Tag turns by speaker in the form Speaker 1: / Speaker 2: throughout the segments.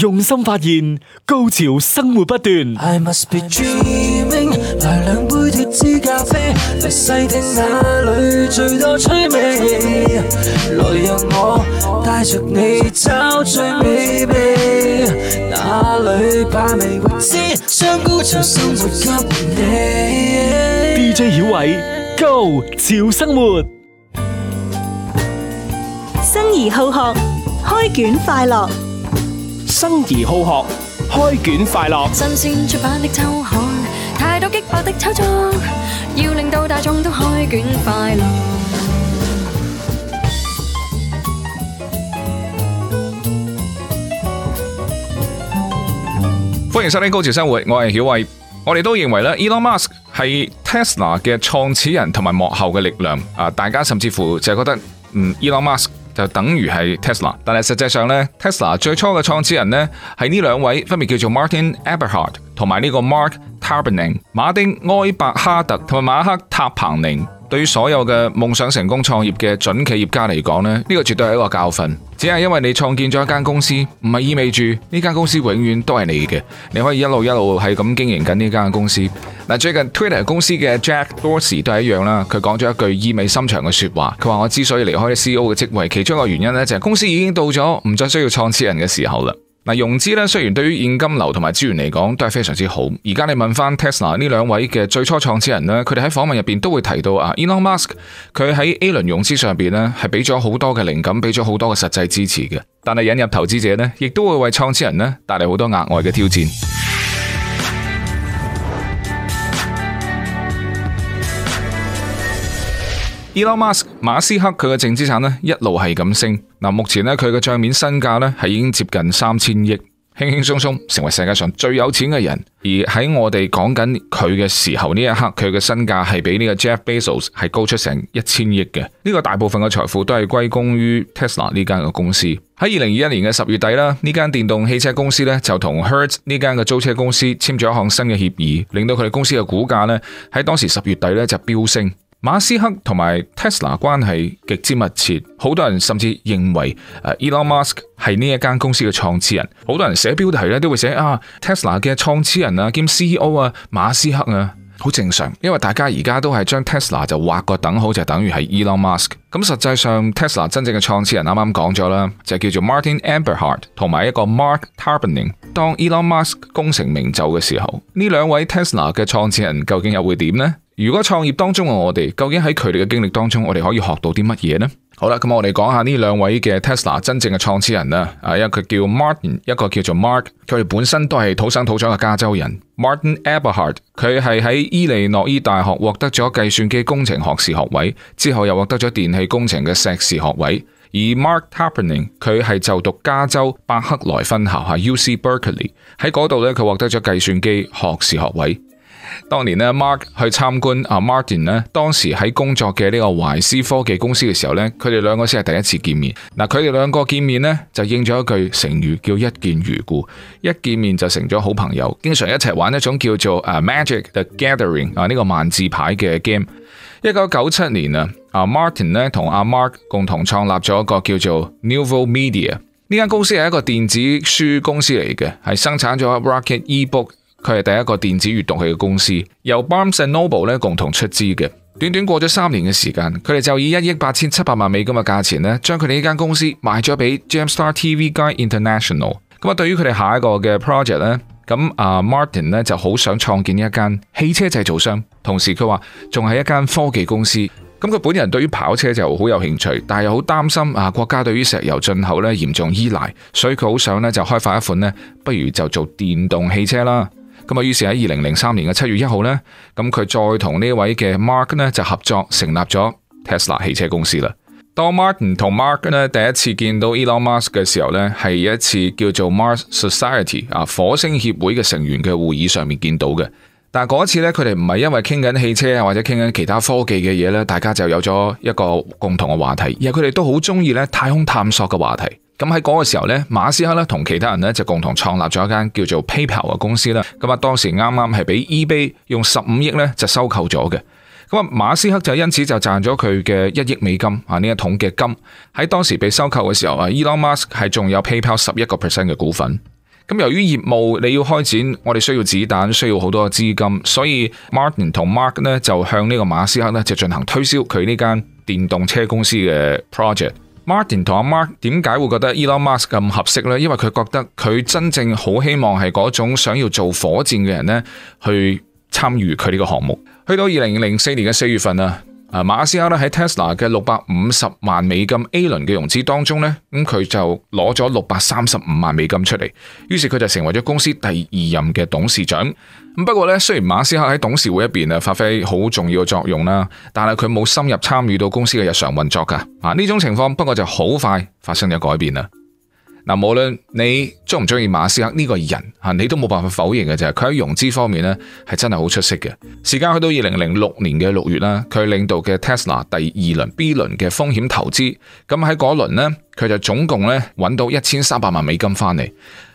Speaker 1: 用心發現，高潮生活不斷。I must be dreaming，來兩杯脱脂咖啡，來細聽那裏最多趣味。來讓我帶着你找最美味，哪裏把味先將高潮生活給你。DJ 曉偉，高潮生活，生而好學，開卷快樂。生而好學，開卷快樂。新鮮出版的週刊，太多激爆的炒作，要令到大眾都開卷快樂。歡迎收聽《高潮生活》，我係曉偉。我哋都認為咧，Elon Musk 係 Tesla 嘅創始人同埋幕後嘅力量。啊，大家甚至乎就係覺得，嗯，Elon Musk。就等於係 Tesla，但係實際上咧，Tesla 最初嘅創始人咧係呢是這兩位，分別叫做 Martin Eberhard 同埋呢個 Mark Tarpenning，馬丁埃伯哈特同埋馬克塔彭寧。對於所有嘅夢想成功創業嘅準企業家嚟講咧，呢個絕對係一個教訓。只係因為你創建咗一間公司，唔係意味住呢間公司永遠都係你嘅。你可以一路一路係咁經營緊呢間公司。嗱，最近 Twitter 公司嘅 Jack Dorsey 都係一樣啦。佢講咗一句意味深長嘅說話，佢話：我之所以離開 CEO 嘅職位，其中一個原因呢，就係公司已經到咗唔再需要創始人嘅時候啦。嗱，融資咧雖然對於現金流同埋資源嚟講都係非常之好，而家你問翻 Tesla 呢兩位嘅最初創始人咧，佢哋喺訪問入邊都會提到啊、e、，Elon Musk 佢喺 A 輪融資上邊咧係俾咗好多嘅靈感，俾咗好多嘅實際支持嘅，但係引入投資者呢，亦都會為創始人咧帶嚟好多額外嘅挑戰。Elon Musk，馬斯克佢嘅淨資產咧一路係咁升，嗱目前咧佢嘅賬面身價咧係已經接近三千億，輕輕松鬆成為世界上最有錢嘅人。而喺我哋講緊佢嘅時候呢一刻，佢嘅身價係比呢個 Jeff Bezos 係高出成一千億嘅。呢個大部分嘅財富都係歸功於 Tesla 呢間嘅公司。喺二零二一年嘅十月底啦，呢間電動汽車公司咧就同 Hertz 呢間嘅租車公司簽咗一項新嘅協議，令到佢哋公司嘅股價咧喺當時十月底咧就飆升。馬斯克同埋 Tesla 關係極之密切，好多人甚至認為 Elon Musk 係呢一間公司嘅創始人。好多人寫標題咧都會寫啊，Tesla 嘅創始人啊兼 CEO 啊，馬斯克啊，好正常，因為大家而家都係將 Tesla 就畫個等號，就等於係 Elon Musk。咁實際上 Tesla 真正嘅創始人啱啱講咗啦，就叫做 Martin Amberhart 同埋一個 Mark Tarpenning。當 Elon Musk 功成名就嘅時候，呢兩位 Tesla 嘅創始人究竟又會點呢？如果創業當中嘅我哋究竟喺佢哋嘅經歷當中，我哋可以學到啲乜嘢呢？好啦，咁我哋講下呢兩位嘅 Tesla 真正嘅創始人啦。啊，一個叫 Martin，一個叫做 Mark，佢哋本身都係土生土長嘅加州人。Martin Eberhard，佢係喺伊利諾伊大學獲得咗計算機工程學士學位，之後又獲得咗電氣工程嘅碩士學位。而 Mark Tarpenning，佢係就讀加州伯克萊分校，係 UC Berkeley，喺嗰度咧佢獲得咗計算機學士學位。當年咧，Mark 去參觀阿 Martin 咧，當時喺工作嘅呢個懷斯科技公司嘅時候咧，佢哋兩個先係第一次見面。嗱，佢哋兩個見面咧，就應咗一句成語叫一見如故，一見面就成咗好朋友，經常一齊玩一種叫做誒 Magic The Gathering 啊呢個萬字牌嘅 game。一九九七年啊，阿 Martin 咧同阿 Mark 共同創立咗一個叫做 Nuvo Media 呢間公司係一個電子書公司嚟嘅，係生產咗 Rocket eBook。Book, 佢係第一個電子閱讀器嘅公司，由 Barnes and Noble 咧，共同出資嘅。短短過咗三年嘅時間，佢哋就以一億八千七百萬美金嘅價錢咧，將佢哋呢間公司賣咗俾 Gemstar TV Guide International。咁啊，對於佢哋下一個嘅 project 咧，咁啊 Martin 咧就好想創建一間汽車製造商，同時佢話仲係一間科技公司。咁佢本人對於跑車就好有興趣，但係又好擔心啊國家對於石油進口咧嚴重依賴，所以佢好想咧就開發一款咧，不如就做電動汽車啦。咁啊，於是喺二零零三年嘅七月一號呢，咁佢再同呢位嘅 Mark 呢就合作成立咗 Tesla 汽車公司啦。當 Martin 同 Mark 呢第一次見到 Elon Musk 嘅時候呢，係一次叫做 Mars Society 啊火星協會嘅成員嘅會議上面見到嘅。但係嗰次呢，佢哋唔係因為傾緊汽車啊，或者傾緊其他科技嘅嘢呢，大家就有咗一個共同嘅話題，而係佢哋都好中意呢太空探索嘅話題。咁喺嗰個時候呢，馬斯克呢同其他人呢就共同創立咗一間叫做 PayPal 嘅公司啦。咁啊，當時啱啱係俾 eBay 用十五億呢就收購咗嘅。咁啊，馬斯克就因此就賺咗佢嘅一億美金啊，呢一桶嘅金。喺當時被收購嘅時候啊，Elon Musk 係仲有 PayPal 十一個 percent 嘅股份。咁由於業務你要開展，我哋需要子彈，需要好多資金，所以 Martin 同 Mark 呢就向呢個馬斯克呢就進行推銷佢呢間電動車公司嘅 project。Martin 同阿 Mark 點解會覺得 Elon Musk 咁合適呢？因為佢覺得佢真正好希望係嗰種想要做火箭嘅人呢，去參與佢呢個項目。去到二零零四年嘅四月份啊。啊，馬斯克喺 Tesla 嘅六百五十萬美金 A 輪嘅融資當中咧，咁佢就攞咗六百三十五萬美金出嚟，於是佢就成為咗公司第二任嘅董事長。不過呢，雖然馬斯克喺董事會入邊啊，發揮好重要嘅作用啦，但係佢冇深入參與到公司嘅日常運作㗎。啊，呢種情況不過就好快發生咗改變啦。嗱，無論你中唔中意馬斯克呢個人吓，你都冇辦法否認嘅就係佢喺融資方面咧係真係好出色嘅。時間去到二零零六年嘅六月啦，佢領導嘅 Tesla 第二輪 B 輪嘅風險投資，咁喺嗰輪咧佢就總共揾到一千三百萬美金翻嚟。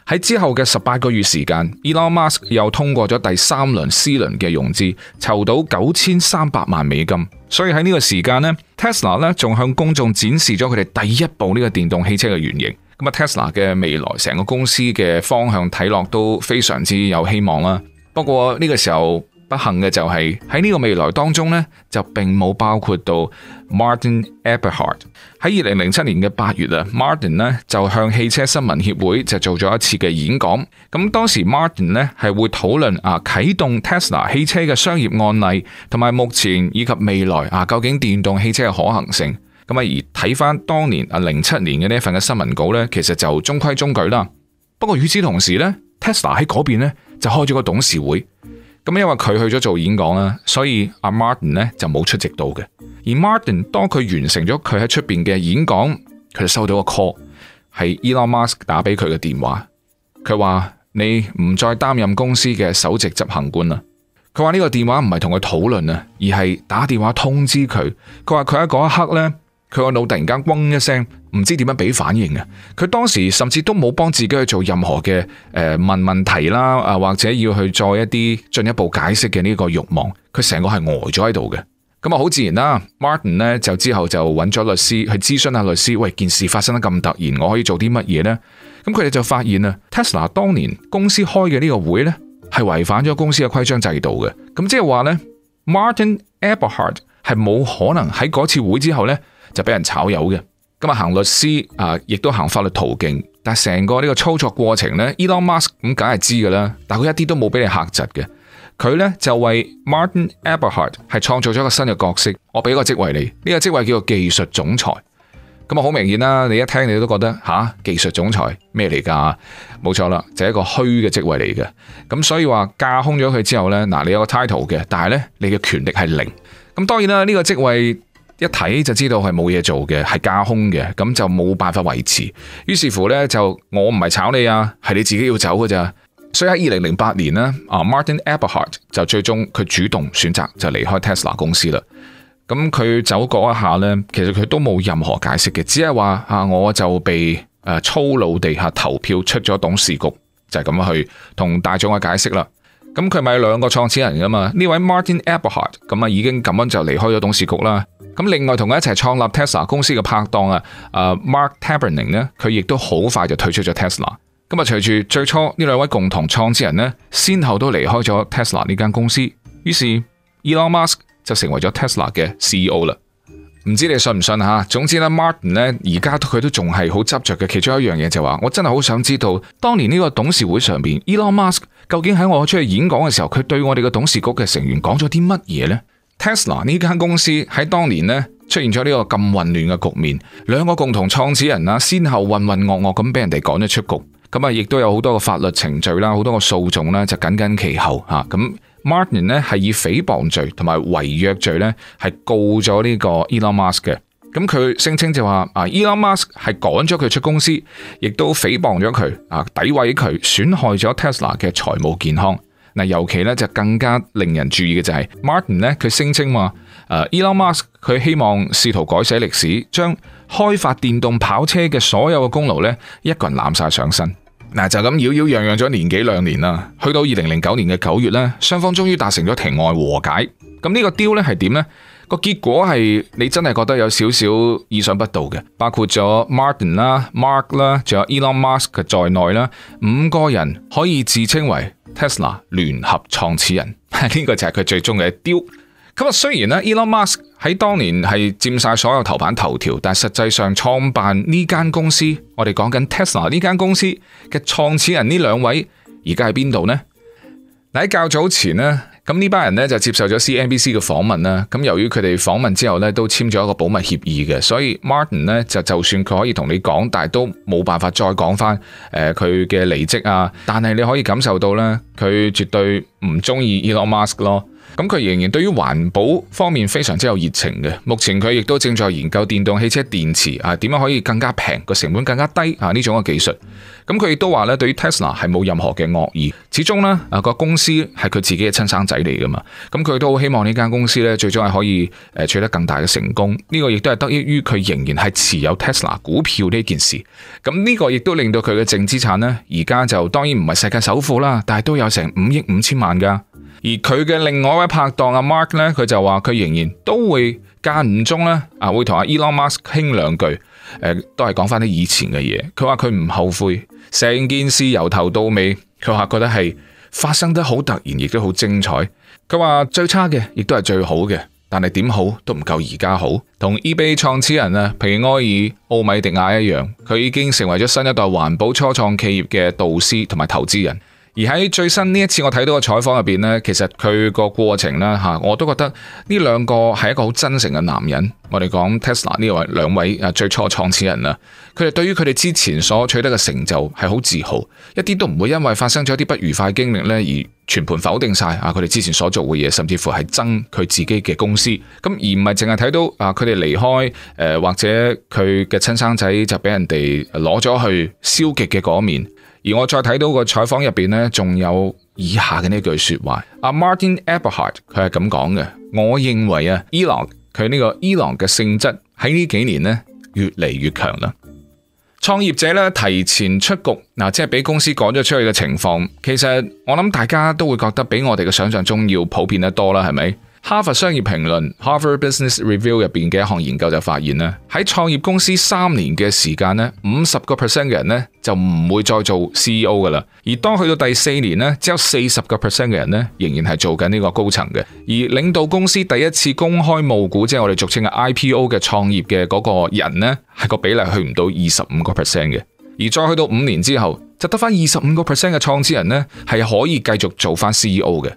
Speaker 1: 喺之後嘅十八個月時間，Elon Musk 又通過咗第三輪 C 輪嘅融資，籌到九千三百萬美金。所以喺呢個時間咧，Tesla 咧仲向公眾展示咗佢哋第一部呢個電動汽車嘅原型。咁 Tesla 嘅未來成個公司嘅方向睇落都非常之有希望啦。不過呢個時候不幸嘅就係喺呢個未來當中呢，就並冇包括到 Martin Eberhard。喺二零零七年嘅八月啊，Martin 呢就向汽車新聞協會就做咗一次嘅演講。咁當時 Martin 呢係會討論啊啟動 Tesla 汽車嘅商業案例，同埋目前以及未來啊究竟電動汽車嘅可行性。咁啊！而睇翻當年啊，零七年嘅呢份嘅新聞稿呢，其實就中規中矩啦。不過與此同時咧，Tesla 喺嗰邊呢，邊就開咗個董事會。咁因為佢去咗做演講啦，所以阿 Martin 呢，就冇出席到嘅。而 Martin 當佢完成咗佢喺出邊嘅演講，佢就收到個 call，係 Elon Musk 打俾佢嘅電話。佢話：你唔再擔任公司嘅首席執行官啦。佢話呢個電話唔係同佢討論啊，而係打電話通知佢。佢話佢喺嗰一刻呢。」佢個腦突然間嗡一聲，唔知點樣俾反應啊！佢當時甚至都冇幫自己去做任何嘅、誒、呃、問問題啦，啊或者要去再一啲進一步解釋嘅呢個慾望，佢成個係呆咗喺度嘅。咁啊，好自然啦，Martin 呢，就之後就搵咗律師去諮詢下律師，「喂，件事發生得咁突然，我可以做啲乜嘢呢？」咁佢哋就發現啦，Tesla 當年公司開嘅呢個會呢，係違反咗公司嘅規章制度嘅。咁即係話呢，Martin Eberhard 係冇可能喺嗰次會之後呢，就俾人炒魷嘅，今日行律師啊，亦都行法律途徑，但係成個呢個操作過程呢 Elon Musk 咁梗係知噶啦，但係佢一啲都冇俾你吓窒嘅，佢呢就為 Martin Eberhard 係創造咗一個新嘅角色，我俾個職位你，呢、呢個職位叫做技術總裁，咁啊好明顯啦，你一聽你都覺得吓、啊、技術總裁咩嚟？噶冇錯啦，就係、是、一個虛嘅職位嚟嘅，咁所以話架空咗佢之後呢，嗱你有個 title 嘅，但係呢，你嘅權力係零，咁當然啦呢、呢個職位。一睇就知道係冇嘢做嘅，係架空嘅，咁就冇辦法維持。於是乎呢，就我唔係炒你啊，係你自己要走噶咋。所以喺二零零八年呢啊 Martin Eberhard、e、就最終佢主動選擇就離開 Tesla 公司啦。咁佢走過一下呢，其實佢都冇任何解釋嘅，只係話啊，我就被誒粗魯地下投票出咗董事局，就係、是、咁樣去同大眾嘅解釋啦。咁佢咪有兩個創始人噶嘛？呢位 Martin Eberhard、e、咁啊，已經咁樣就離開咗董事局啦。咁另外同佢一齊創立 Tesla 公司嘅拍檔啊，誒，Mark Taberning，佢亦都好快就退出咗 Tesla。咁啊，隨住最初呢兩位共同創始人咧，先後都離開咗 Tesla 呢間公司，於是 Elon Musk 就成為咗 Tesla 嘅 CEO 啦。唔知你信唔信吓？總之咧，Martin 咧而家佢都仲係好執着嘅，其中一樣嘢就話、是，我真係好想知道當年呢個董事會上邊，Elon Musk 究竟喺我出去演講嘅時候，佢對我哋嘅董事局嘅成員講咗啲乜嘢呢？Tesla 呢間公司喺當年咧出現咗呢個咁混亂嘅局面，兩個共同創始人啊，先後混混噩噩咁俾人哋趕咗出局，咁啊亦都有好多個法律程序啦，好多個訴訟咧就緊跟其後嚇。咁 Martin 咧係以誹謗罪同埋違約罪咧係告咗呢個 Elon Musk 嘅，咁佢聲稱就話啊 Elon Musk 係趕咗佢出公司，亦都誹謗咗佢啊，詆毀佢，損害咗 Tesla 嘅財務健康。嗱，尤其咧就更加令人注意嘅就係，Martin 咧佢聲稱話，誒，Elon Musk 佢希望試圖改寫歷史，將開發電動跑車嘅所有嘅功勞咧，一個人攬晒上身。嗱，就咁擾擾攘攘咗年幾兩年啦，去到二零零九年嘅九月呢，雙方終於達成咗庭外和解。咁呢個 deal 咧係點咧？個結果係你真係覺得有少少意想不到嘅，包括咗 Martin 啦、Mark 啦，仲有 Elon Musk 嘅在內啦，五個人可以自稱為 Tesla 聯合創始人。呢個就係佢最終嘅雕。咁啊，雖然呢、e、，Elon Musk 喺當年係佔晒所有頭版頭條，但係實際上創辦呢間公司，我哋講緊 Tesla 呢間公司嘅創始人呢兩位，而家喺邊度呢？喺較早前呢？咁呢班人咧就接受咗 CNBC 嘅訪問啦。咁由於佢哋訪問之後咧都簽咗一個保密協議嘅，所以 Martin 咧就就算佢可以同你講，但係都冇辦法再講返誒佢嘅離職啊。但係你可以感受到咧，佢絕對唔中意 Elon Musk 咯。咁佢仍然對於環保方面非常之有熱情嘅。目前佢亦都正在研究電動汽車電池啊，點樣可以更加平個成本更加低啊呢種嘅技術。咁佢亦都話咧，對於 Tesla 係冇任何嘅惡意。始終呢啊，個公司係佢自己嘅親生仔嚟噶嘛。咁佢都好希望呢間公司咧最終係可以誒取得更大嘅成功。呢、呢個亦都係得益於佢仍然係持有 Tesla 股票呢件事。咁、呢、呢個亦都令到佢嘅淨資產呢，而家就當然唔係世界首富啦，但係都有成五億五千萬噶。而佢嘅另外一位拍檔阿 Mark，呢佢就話佢仍然都會間唔中呢啊會同阿 Elon Musk 傾兩句，呃、都係講翻啲以前嘅嘢。佢話佢唔後悔，成件事由頭到尾，佢話覺得係發生得好突然，亦都好精彩。佢話最差嘅亦都係最好嘅，但係點好都唔夠而家好。同 eBay 創始人啊皮埃爾奧米迪亞一樣，佢已經成為咗新一代環保初創企業嘅導師同埋投資人。而喺最新呢一次我睇到嘅採訪入邊呢，其實佢個過程咧嚇，我都覺得呢兩個係一個好真誠嘅男人。我哋講 Tesla 呢位兩位啊最初創始人啊，佢哋對於佢哋之前所取得嘅成就係好自豪，一啲都唔會因為發生咗一啲不愉快嘅經歷咧而全盤否定晒啊佢哋之前所做嘅嘢，甚至乎係憎佢自己嘅公司，咁而唔係淨係睇到啊佢哋離開或者佢嘅親生仔就俾人哋攞咗去消極嘅嗰面。而我再睇到個採訪入邊呢，仲有以下嘅呢句説話，阿 Martin Eberhard 佢係咁講嘅，我認為啊，Elon 佢呢個 Elon 嘅性質喺呢幾年呢越嚟越強啦。創業者呢，提前出局，嗱，即係俾公司趕咗出去嘅情況，其實我諗大家都會覺得比我哋嘅想象中要普遍得多啦，係咪？哈佛商業評論 （Harvard Business Review） 入邊嘅一項研究就發現咧，喺創業公司三年嘅時間咧，五十個 percent 嘅人咧就唔會再做 CEO 噶啦。而當去到第四年咧，只有四十個 percent 嘅人咧仍然係做緊呢個高層嘅。而領導公司第一次公開募股，即係我哋俗稱嘅 IPO 嘅創業嘅嗰個人咧，係個比例去唔到二十五個 percent 嘅。而再去到五年之後，就得翻二十五個 percent 嘅創始人咧係可以繼續做翻 CEO 嘅。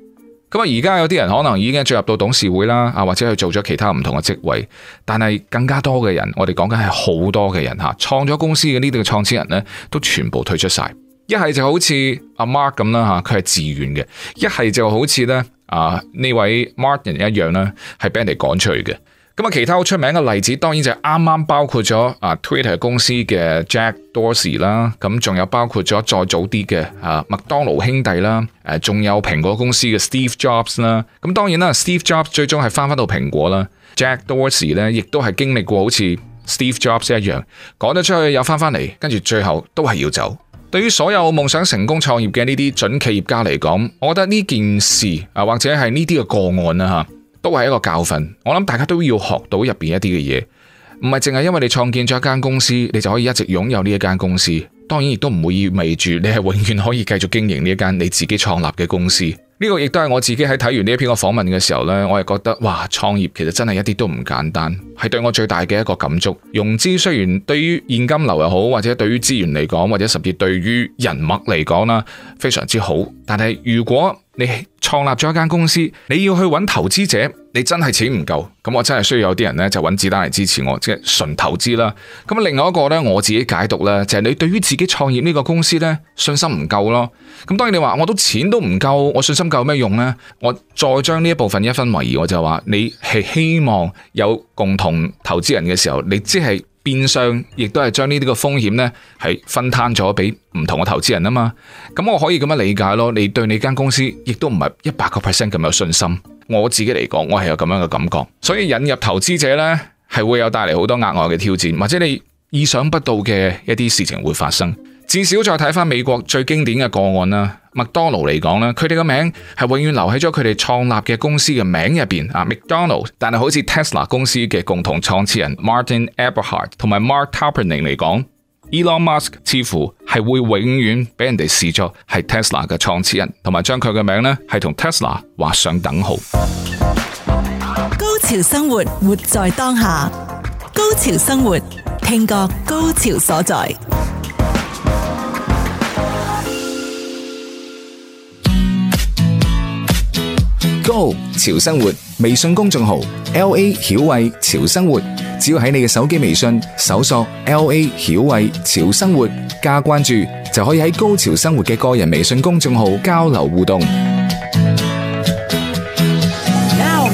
Speaker 1: 咁啊！而家有啲人可能已經進入到董事會啦，啊或者去做咗其他唔同嘅職位，但係更加多嘅人，我哋講緊係好多嘅人嚇，創咗公司嘅呢啲嘅創始人咧，都全部退出晒。一係就好似阿 Mark 咁啦嚇，佢係自願嘅；一係就好似咧啊呢位 Martin 一樣啦，係俾人哋趕出去嘅。咁啊，其他好出名嘅例子，當然就係啱啱包括咗啊，Twitter 公司嘅 Jack Dorsey 啦，咁仲有包括咗再早啲嘅啊，麥當勞兄弟啦，誒，仲有蘋果公司嘅 Steve Jobs 啦。咁當然啦，Steve Jobs 最終係翻翻到蘋果啦，Jack Dorsey 咧，亦都係經歷過好似 Steve Jobs 一樣，講得出去又翻翻嚟，跟住最後都係要走。對於所有夢想成功創業嘅呢啲準企業家嚟講，我覺得呢件事啊，或者係呢啲嘅個案啦，嚇。都係一個教訓，我諗大家都要學到入邊一啲嘅嘢，唔係淨係因為你創建咗一間公司，你就可以一直擁有呢一間公司，當然亦都唔會意味住你係永遠可以繼續經營呢一間你自己創立嘅公司。呢個亦都係我自己喺睇完呢一篇個訪問嘅時候呢，我係覺得哇，創業其實真係一啲都唔簡單，係對我最大嘅一個感觸。融資雖然對於現金流又好，或者對於資源嚟講，或者甚至對於人脈嚟講啦，非常之好。但係如果你創立咗一間公司，你要去揾投資者。你真係錢唔夠，咁我真係需要有啲人呢，就揾子彈嚟支持我，即係純投資啦。咁另外一個呢，我自己解讀咧，就係你對於自己創業呢個公司呢，信心唔夠咯。咁當然你話我都錢都唔夠，我信心夠有咩用呢？我再將呢一部分一分為二，我就話你係希望有共同投資人嘅時候，你即係變相亦都係將呢啲個風險呢，係分攤咗俾唔同嘅投資人啊嘛。咁我可以咁樣理解咯。你對你間公司亦都唔係一百個 percent 咁有信心。我自己嚟講，我係有咁樣嘅感覺，所以引入投資者呢，係會有帶嚟好多額外嘅挑戰，或者你意想不到嘅一啲事情會發生。至少再睇翻美國最經典嘅個案啦，麥當勞嚟講呢，佢哋嘅名係永遠留喺咗佢哋創立嘅公司嘅名入邊，啊，McDonald。但係好似 Tesla 公司嘅共同創始人 Martin Eberhard 同埋 Marc Tarpenning 嚟講。Elon Musk 似乎係會永遠俾人哋視作係 Tesla 嘅創始人，同埋將佢嘅名呢係同 Tesla 劃上等號。高潮生活，活在當下；高潮生活，聽覺高潮所在。高潮生活微信公眾號，LA 曉慧潮生活，只要喺你嘅手機微信搜索 LA 曉慧潮生活加關注，就可以喺高潮生活嘅個人微信公眾號交流互動。Now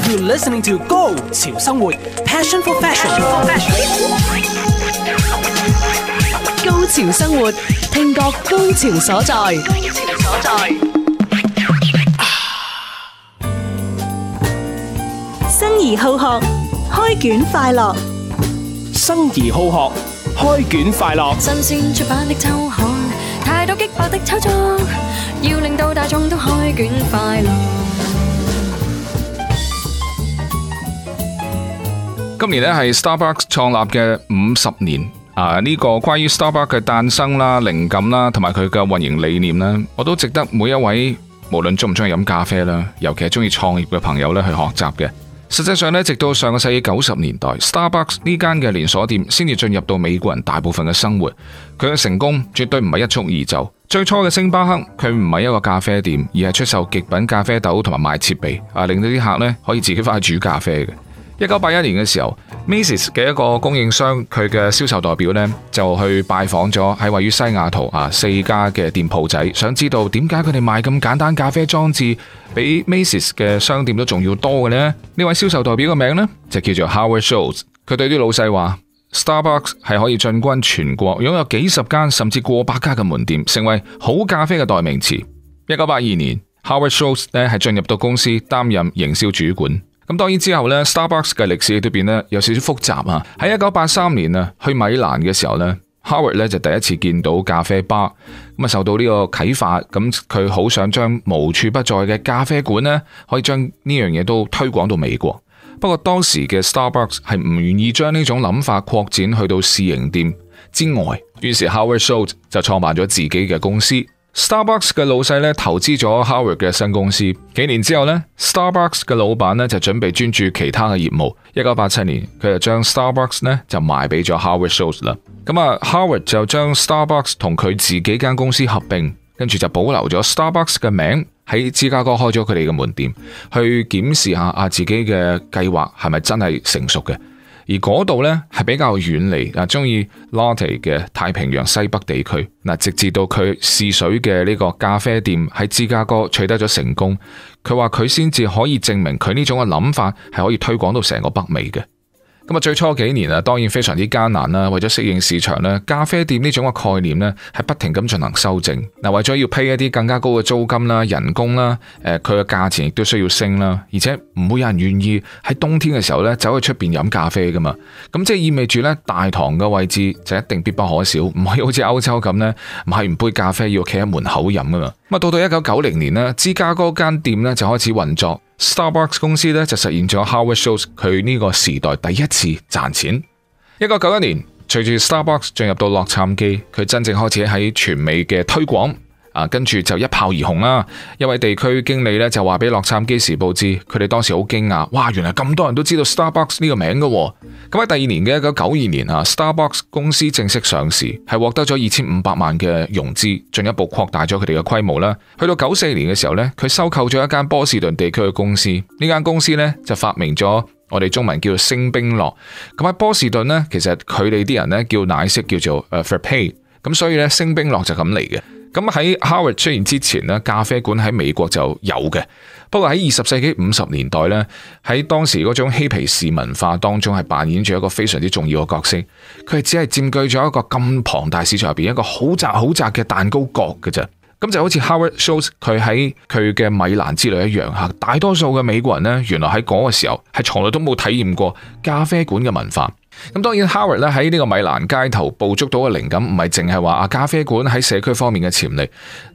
Speaker 1: you're listening to 高潮生活，Passion for fashion，高潮生活，聽覺高潮所在。好學開卷快樂，生而好學開卷快樂。新鮮出版的周刊，太多激烈的炒作，要令到大眾都開卷快樂。今年咧係 Starbucks 創立嘅五十年啊！呢個關於 Starbucks 嘅誕生啦、靈感啦，同埋佢嘅運營理念啦，我都值得每一位無論鍾唔鍾意飲咖啡啦，尤其係鍾意創業嘅朋友咧去學習嘅。實際上咧，直到上個世紀九十年代，Starbucks 呢間嘅連鎖店先至進入到美國人大部分嘅生活。佢嘅成功絕對唔係一蹴而就。最初嘅星巴克，佢唔係一個咖啡店，而係出售極品咖啡豆同埋賣設備，啊，令到啲客咧可以自己翻去煮咖啡嘅。一九八一年嘅時候，Macy's 嘅一個供應商，佢嘅銷售代表呢，就去拜訪咗喺位於西雅圖啊四家嘅店鋪仔，想知道點解佢哋賣咁簡單咖啡裝置比 Macy's 嘅商店都仲要多嘅呢。呢 位銷售代表嘅名呢，就叫做 Howard Schultz。佢對啲老細話，Starbucks 係可以進軍全國，擁有幾十間甚至過百家嘅門店，成為好咖啡嘅代名詞。一九八二年，Howard Schultz 呢係進入到公司擔任營銷主管。咁當然之後呢 Starbucks 嘅歷史裏邊呢，有少少複雜啊！喺一九八三年啊，去米蘭嘅時候呢 Howard 呢就第一次見到咖啡吧，咁啊，受到呢個啟發，咁佢好想將無處不在嘅咖啡館呢，可以將呢樣嘢都推廣到美國。不過當時嘅 Starbucks 係唔願意將呢種諗法擴展去到試營店之外，於是 Howard Schultz 就創辦咗自己嘅公司。Starbucks 嘅老細咧投資咗 Howard 嘅新公司，幾年之後咧，Starbucks 嘅老闆咧就準備專注其他嘅業務。一九八七年，佢就將 Starbucks 咧就賣俾咗 Howard Schultz 啦。咁啊，Howard 就將 Starbucks 同佢自己間公司合併，跟住就保留咗 Starbucks 嘅名，喺芝加哥開咗佢哋嘅門店，去檢視下啊自己嘅計劃係咪真係成熟嘅。而嗰度呢，係比較遠離啊，鍾意 Latte 嘅太平洋西北地區嗱，直至到佢試水嘅呢個咖啡店喺芝加哥取得咗成功，佢話佢先至可以證明佢呢種嘅諗法係可以推廣到成個北美嘅。咁啊，最初幾年啊，當然非常之艱難啦。為咗適應市場咧，咖啡店呢種個概念咧，係不停咁進行修正。嗱，為咗要批一啲更加高嘅租金啦、人工啦，誒佢嘅價錢亦都需要升啦，而且唔會有人願意喺冬天嘅時候咧走去出邊飲咖啡噶嘛。咁即係意味住咧大堂嘅位置就一定必不可少，唔係好似歐洲咁咧買完杯咖啡要企喺門口飲噶嘛。咁啊，到到一九九零年咧，芝加哥間店呢就開始運作。Starbucks 公司咧就實現咗 Howard Schultz 佢呢個時代第一次賺錢。一九九一年，隨住 Starbucks 進入到洛杉磯，佢真正開始喺全美嘅推廣。啊，跟住就一炮而紅啦！一位地區經理咧就話俾洛杉磯時報知，佢哋當時好驚訝，哇，原來咁多人都知道 Starbucks 呢個名㗎喎。咁喺第二年嘅一九九二年啊，Starbucks 公司正式上市，係獲得咗二千五百萬嘅融資，進一步擴大咗佢哋嘅規模啦。去到九四年嘅時候呢，佢收購咗一間波士頓地區嘅公司，呢間公司呢就發明咗我哋中文叫做星冰樂。咁喺波士頓呢，其實佢哋啲人呢叫奶昔叫做誒 Frappé，咁所以呢，星、星冰樂就咁嚟嘅。咁喺 Howard 出現之前呢，咖啡館喺美國就有嘅。不過喺二十世紀五十年代呢，喺當時嗰種嬉皮士文化當中係扮演住一個非常之重要嘅角色。佢係只係佔據咗一個咁龐大市場入邊一個好窄好窄嘅蛋糕角嘅啫。咁就好似 Howard Schultz 佢喺佢嘅米蘭之旅一樣嚇，大多數嘅美國人呢，原來喺嗰個時候係從來都冇體驗過咖啡館嘅文化。咁當然，Howard 咧喺呢個米蘭街頭捕捉到嘅靈感，唔係淨係話啊咖啡館喺社區方面嘅潛力，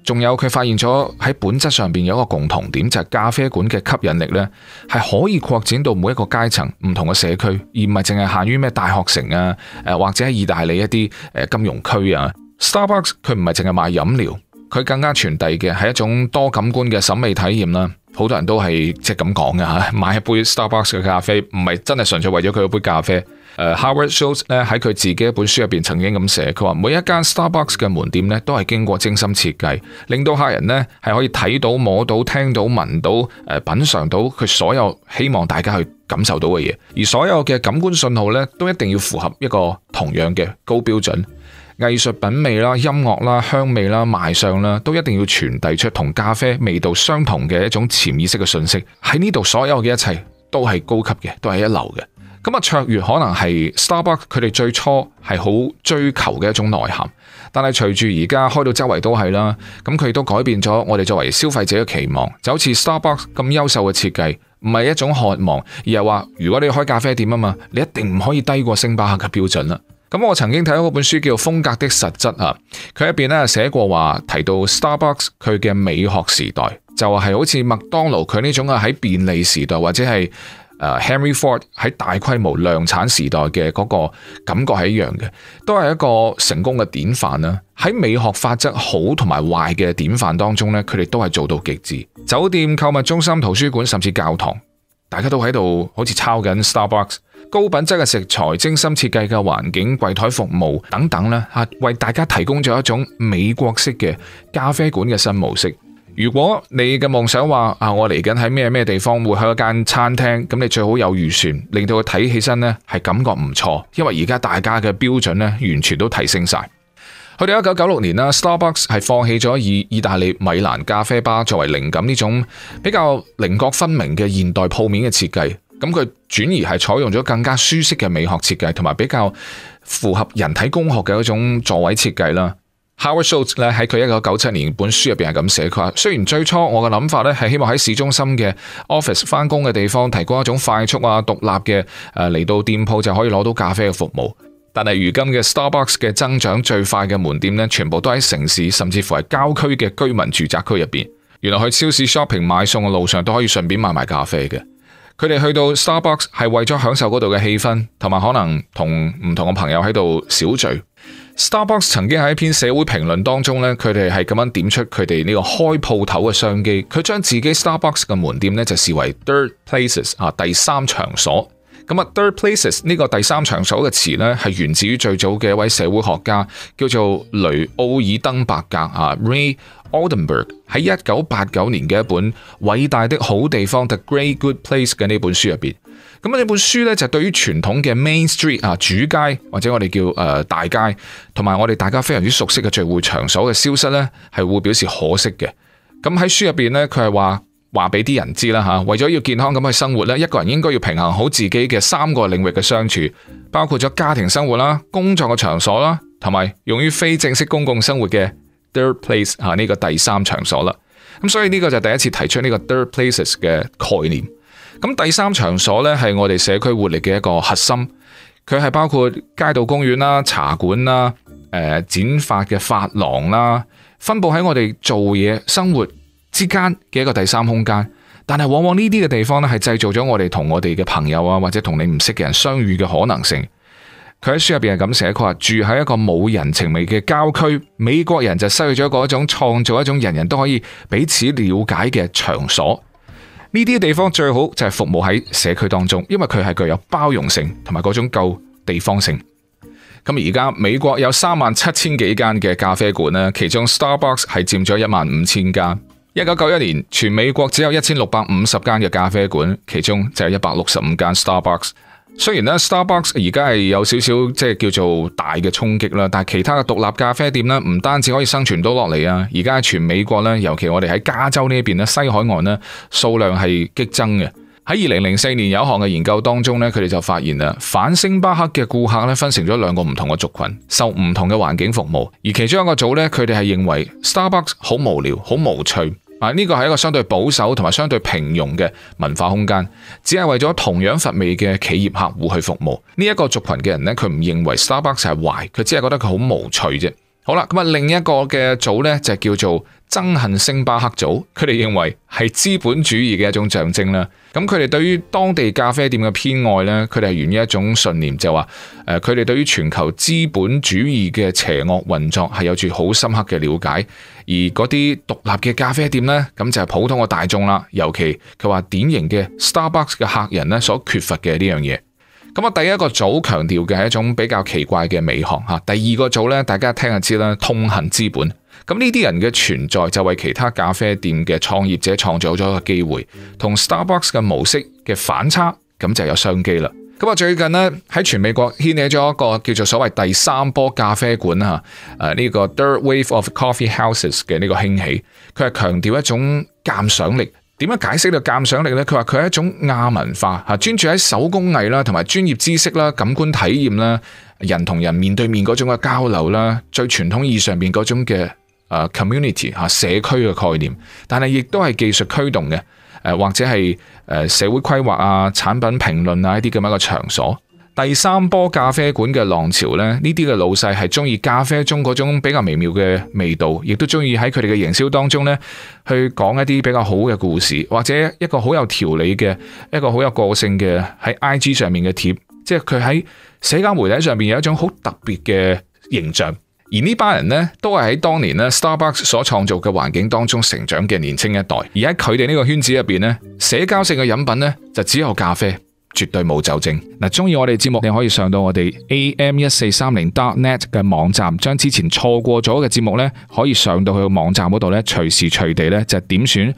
Speaker 1: 仲有佢發現咗喺本質上邊有一個共同點，就係咖啡館嘅吸引力呢係可以擴展到每一個階層、唔同嘅社區，而唔係淨係限於咩大學城啊，誒或者係意大利一啲金融區啊。Starbucks 佢唔係淨係賣飲料，佢更加傳遞嘅係一種多感官嘅審美體驗啦。好多人都係即係咁講嘅嚇，買一杯 Starbucks 嘅咖啡，唔係真係純粹為咗佢一杯咖啡。誒 Howard Schultz 咧喺佢自己一本書入邊曾經咁寫，佢話每一間 Starbucks 嘅門店咧都係經過精心設計，令到客人咧係可以睇到、摸到、聽到、聞到、誒品嚐到佢所有希望大家去感受到嘅嘢，而所有嘅感官訊號咧都一定要符合一個同樣嘅高標準，藝術品味啦、音樂啦、香味啦、賣相啦，都一定要傳遞出同咖啡味道相同嘅一種潛意識嘅訊息。喺呢度所有嘅一切都係高級嘅，都係一流嘅。咁啊，卓越可能係 Starbucks 佢哋最初係好追求嘅一種內涵，但係隨住而家開到周圍都係啦，咁佢亦都改變咗我哋作為消費者嘅期望。就好似 Starbucks 咁優秀嘅設計，唔係一種渴望，而係話如果你開咖啡店啊嘛，你一定唔可以低過星巴克嘅標準啦。咁我曾經睇到嗰本書叫《風格的實質》啊，佢入邊咧寫過話，提到 Starbucks 佢嘅美學時代，就係話好似麥當勞佢呢種啊喺便利時代或者係，誒 Henry Ford 喺大規模量產時代嘅嗰個感覺係一樣嘅，都係一個成功嘅典範啦。喺美學法則好同埋壞嘅典範當中咧，佢哋都係做到極致。酒店、購物中心、圖書館甚至教堂，大家都喺度好似抄緊 Starbucks，高品質嘅食材、精心設計嘅環境、櫃枱服務等等咧，嚇，為大家提供咗一種美國式嘅咖啡館嘅新模式。如果你嘅夢想話啊，我嚟緊喺咩咩地方會去一間餐廳，咁你最好有預算，令到佢睇起身呢係感覺唔錯，因為而家大家嘅標準呢，完全都提升晒。去到一九九六年啦，Starbucks 係放棄咗以意大利米蘭咖啡吧作為靈感呢種比較稜角分明嘅現代鋪面嘅設計，咁佢轉而係採用咗更加舒適嘅美學設計，同埋比較符合人體工學嘅一種座位設計啦。Howard Schultz 咧，喺佢一九九七年本書入邊係咁寫，佢話雖然最初我嘅諗法咧係希望喺市中心嘅 office 翻工嘅地方提供一種快速啊獨立嘅誒嚟到店鋪就可以攞到咖啡嘅服務，但係如今嘅 Starbucks 嘅增長最快嘅門店咧，全部都喺城市甚至乎係郊區嘅居民住宅區入邊。原來去超市 shopping 買餸嘅路上都可以順便買埋咖啡嘅。佢哋去到 Starbucks 係為咗享受嗰度嘅氣氛，同埋可能同唔同嘅朋友喺度小聚。Starbucks 曾經喺一篇社會評論當中咧，佢哋係咁樣點出佢哋呢個開鋪頭嘅商機。佢將自己 Starbucks 嘅門店呢，就視為 third places 啊，第三場所。咁啊，third places 呢個第三場所嘅詞呢，係源自於最早嘅一位社會學家叫做雷奧爾登伯格啊，Ray Oldenburg 喺一九八九年嘅一本《偉大的好地方 The Great Good Place》嘅呢本書入邊。咁呢本書咧就對於傳統嘅 Main Street 啊，主街或者我哋叫誒大街，同埋我哋大家非常之熟悉嘅聚會場所嘅消失咧，係會表示可惜嘅。咁喺書入邊咧，佢係話話俾啲人知啦嚇，為咗要健康咁去生活咧，一個人應該要平衡好自己嘅三個領域嘅相處，包括咗家庭生活啦、工作嘅場所啦，同埋用於非正式公共生活嘅 third place 啊，呢個第三場所啦。咁所以呢個就係第一次提出呢個 third places 嘅概念。咁第三場所呢，係我哋社區活力嘅一個核心，佢係包括街道、公園啦、茶館啦、誒、呃、剪髮嘅髮廊啦，分布喺我哋做嘢、生活之間嘅一個第三空間。但係往往呢啲嘅地方呢，係製造咗我哋同我哋嘅朋友啊，或者同你唔識嘅人相遇嘅可能性。佢喺書入邊係咁寫，佢話住喺一個冇人情味嘅郊區，美國人就失去咗嗰種創造一種人人都可以彼此了解嘅場所。呢啲地方最好就係服務喺社區當中，因為佢係具有包容性同埋嗰種夠地方性。咁而家美國有三萬七千幾間嘅咖啡館啦，其中 Starbucks 係佔咗一萬五千間。一九九一年，全美國只有一千六百五十間嘅咖啡館，其中就有一百六十五間 Starbucks。雖然咧，Starbucks 而家係有少少即係叫做大嘅衝擊啦，但係其他嘅獨立咖啡店咧，唔單止可以生存到落嚟啊！而家全美國咧，尤其我哋喺加州呢邊咧，西海岸呢，數量係激增嘅。喺二零零四年有一項嘅研究當中呢，佢哋就發現啦，反星巴克嘅顧客咧，分成咗兩個唔同嘅族群，受唔同嘅環境服務，而其中一個組呢，佢哋係認為 Starbucks 好無聊，好無趣。嗱，呢個係一個相對保守同埋相對平庸嘅文化空間，只係為咗同樣乏味嘅企業客戶去服務。呢一個族群嘅人呢，佢唔認為 Starbucks 係壞，佢只係覺得佢好無趣啫。好啦，咁啊，另一個嘅組呢，就係叫做憎恨星巴克組，佢哋認為係資本主義嘅一種象徵啦。咁佢哋對於當地咖啡店嘅偏愛咧，佢哋係源於一種信念，就話誒，佢哋對於全球資本主義嘅邪惡運作係有住好深刻嘅了解。而嗰啲獨立嘅咖啡店呢，咁就係普通嘅大眾啦。尤其佢話典型嘅 Starbucks 嘅客人咧，所缺乏嘅呢樣嘢。咁啊，第一個組強調嘅係一種比較奇怪嘅美學嚇。第二個組呢，大家聽下知啦，痛恨資本。咁呢啲人嘅存在就為其他咖啡店嘅創業者創造咗個機會，同 Starbucks 嘅模式嘅反差，咁就有商機啦。咁啊最近呢喺全美國掀起咗一個叫做所謂第三波咖啡館啊，呢、這個 Third Wave of Coffee Houses 嘅呢個興起，佢係強調一種鑑賞力。點樣解釋到鑑賞力呢？佢話佢係一種亞文化吓，專注喺手工藝啦、同埋專業知識啦、感官體驗啦、人同人面對面嗰種嘅交流啦、最傳統意義上面嗰種嘅。community 嚇社區嘅概念，但係亦都係技術驅動嘅，誒或者係誒社會規劃啊、產品評論啊一啲咁樣嘅場所。第三波咖啡館嘅浪潮咧，呢啲嘅老細係中意咖啡中嗰種比較微妙嘅味道，亦都中意喺佢哋嘅營銷當中咧去講一啲比較好嘅故事，或者一個好有條理嘅一個好有個性嘅喺 IG 上面嘅貼，即係佢喺社交媒體上面有一種好特別嘅形象。而呢班人呢，都係喺當年 Starbucks 所創造嘅環境當中成長嘅年輕一代，而喺佢哋呢個圈子入面，社交性嘅飲品呢就只有咖啡。絕對冇酒精。嗱，中意我哋節目，你可以上到我哋 a m 一四三零 dot net 嘅網站，將之前錯過咗嘅節目呢，可以上到去個網站嗰度呢，隨時隨地呢，就點選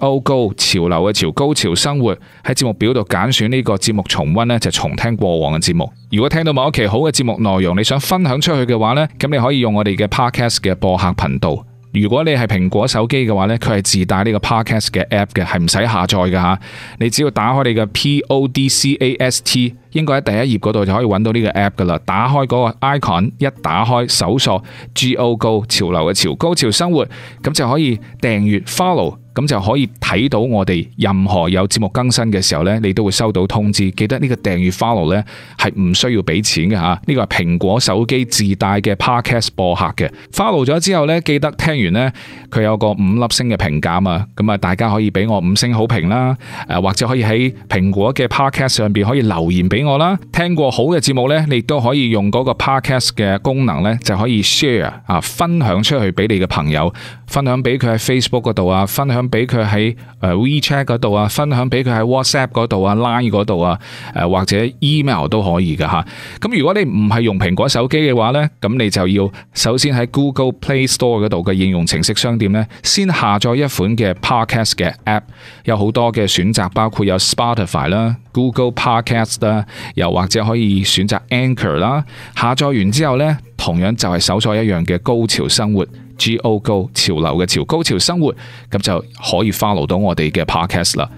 Speaker 1: Go Go 潮流嘅潮高潮生活喺節目表度揀選呢個節目重温呢，就重聽過往嘅節目。如果聽到某一期好嘅節目內容，你想分享出去嘅話呢，咁你可以用我哋嘅 Podcast 嘅播客頻道。如果你係蘋果手機嘅話呢，佢係自帶呢個 Podcast 嘅 app 嘅，係唔使下載㗎。你只要打開你嘅 Podcast。應該喺第一頁嗰度就可以揾到呢個 app 噶啦，打開嗰個 icon，一打開搜索 G O Go 潮流嘅潮高潮生活，咁就可以訂閱 follow，咁就可以睇到我哋任何有節目更新嘅時候呢，你都會收到通知。記得呢個訂閱 follow 呢，係唔需要俾錢嘅嚇，呢個係蘋果手機自帶嘅 podcast 播客嘅 follow 咗之後呢，記得聽完呢，佢有個五粒星嘅評價啊，咁啊大家可以俾我五星好評啦，誒或者可以喺蘋果嘅 podcast 上邊可以留言俾。我啦，聽過好嘅節目呢，你都可以用嗰個 Podcast 嘅功能呢，就可以 share 啊，分享出去俾你嘅朋友，分享俾佢喺 Facebook 度啊，分享俾佢喺誒 WeChat 度啊，分享俾佢喺 WhatsApp 度啊，Line 度啊，誒或者 email 都可以噶吓。咁如果你唔係用蘋果手機嘅話呢，咁你就要首先喺 Google Play Store 度嘅應用程式商店呢，先下載一款嘅 Podcast 嘅 app，有好多嘅選擇，包括有 Spotify 啦、Google Podcast 啦。又或者可以選擇 Anchor 啦，下載完之後呢，同樣就係搜索一樣嘅高潮生活 G O Go 潮流嘅潮高潮生活，咁就可以 follow 到我哋嘅 Podcast 啦。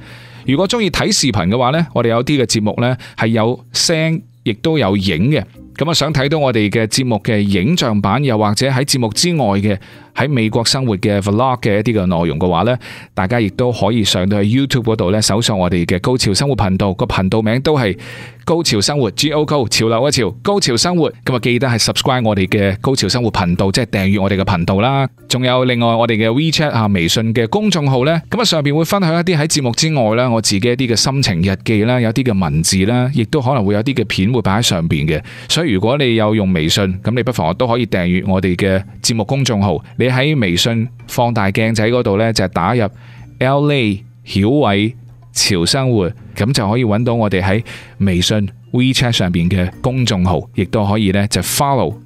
Speaker 1: 如果中意睇視頻嘅話呢，我哋有啲嘅節目呢係有聲亦都有影嘅，咁啊想睇到我哋嘅節目嘅影像版，又或者喺節目之外嘅，喺美國生活嘅 Vlog 嘅一啲嘅內容嘅話呢，大家亦都可以上到去 YouTube 嗰度咧，搜索我哋嘅高潮生活頻道，個頻道名都係高潮生活 G O C 潮流一潮高潮生活。咁啊、OK，記得係 subscribe 我哋嘅高潮生活頻道，即係訂閱我哋嘅頻道啦。仲有另外我哋嘅 WeChat 啊，微信嘅公眾號呢。咁啊上邊會分享一啲喺節目之外呢，我自己一啲嘅心情日記啦，有啲嘅文字啦，亦都可能會有啲嘅片會擺喺上邊嘅。所以如果你有用微信，咁你不妨都可以訂閱我哋嘅節目公眾號。你喺微信放大鏡仔嗰度呢，就打入 Lay 曉偉潮生活，咁就可以揾到我哋喺微信 WeChat 上面嘅公眾號，亦都可以呢，就 follow。